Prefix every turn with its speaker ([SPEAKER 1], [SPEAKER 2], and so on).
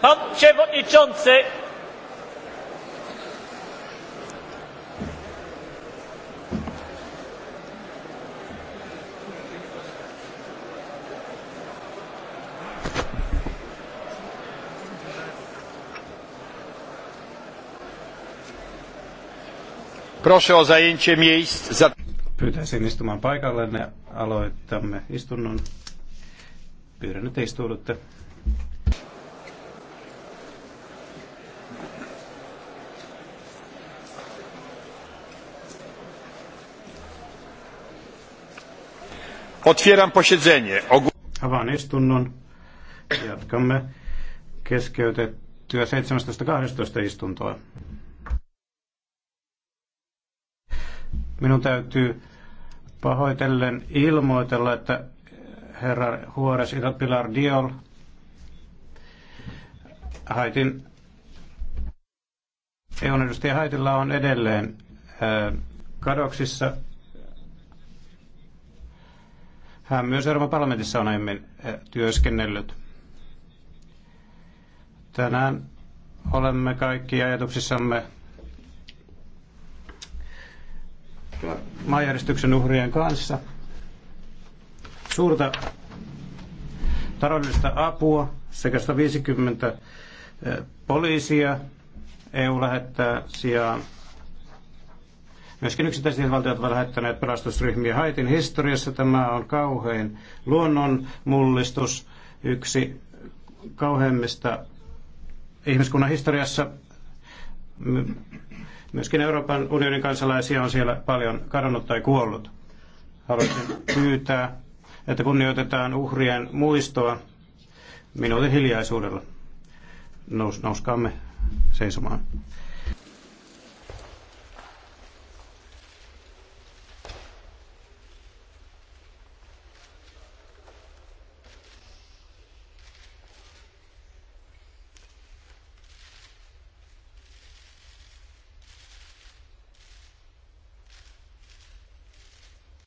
[SPEAKER 1] Pan przewodniczący. Proszę o zajęcie miejsc. Za... Pyytäisin istumaan paikalle. Ne aloitamme istunnon. Pyydän, että istuudutte. Otwieram posiedzenie. Avaan istunnon. Jatkamme keskeytettyä 17.12. istuntoa. Minun täytyy pahoitellen ilmoitella, että herra Huores Pilar Diol Haitin eu edustaja Haitilla on edelleen kadoksissa hän myös Euroopan parlamentissa on aiemmin eh, työskennellyt. Tänään olemme kaikki ajatuksissamme maanjärjestyksen uhrien kanssa. Suurta taloudellista apua sekä 150 eh, poliisia EU lähettää sijaan Myöskin yksittäiset valtiot ovat lähettäneet pelastusryhmiä Haitin historiassa. Tämä on kauhein luonnonmullistus, yksi kauheimmista ihmiskunnan historiassa. Myöskin Euroopan unionin kansalaisia on siellä paljon kadonnut tai kuollut. Haluaisin pyytää, että kunnioitetaan uhrien muistoa minuutin hiljaisuudella. Nous, nouskaamme seisomaan.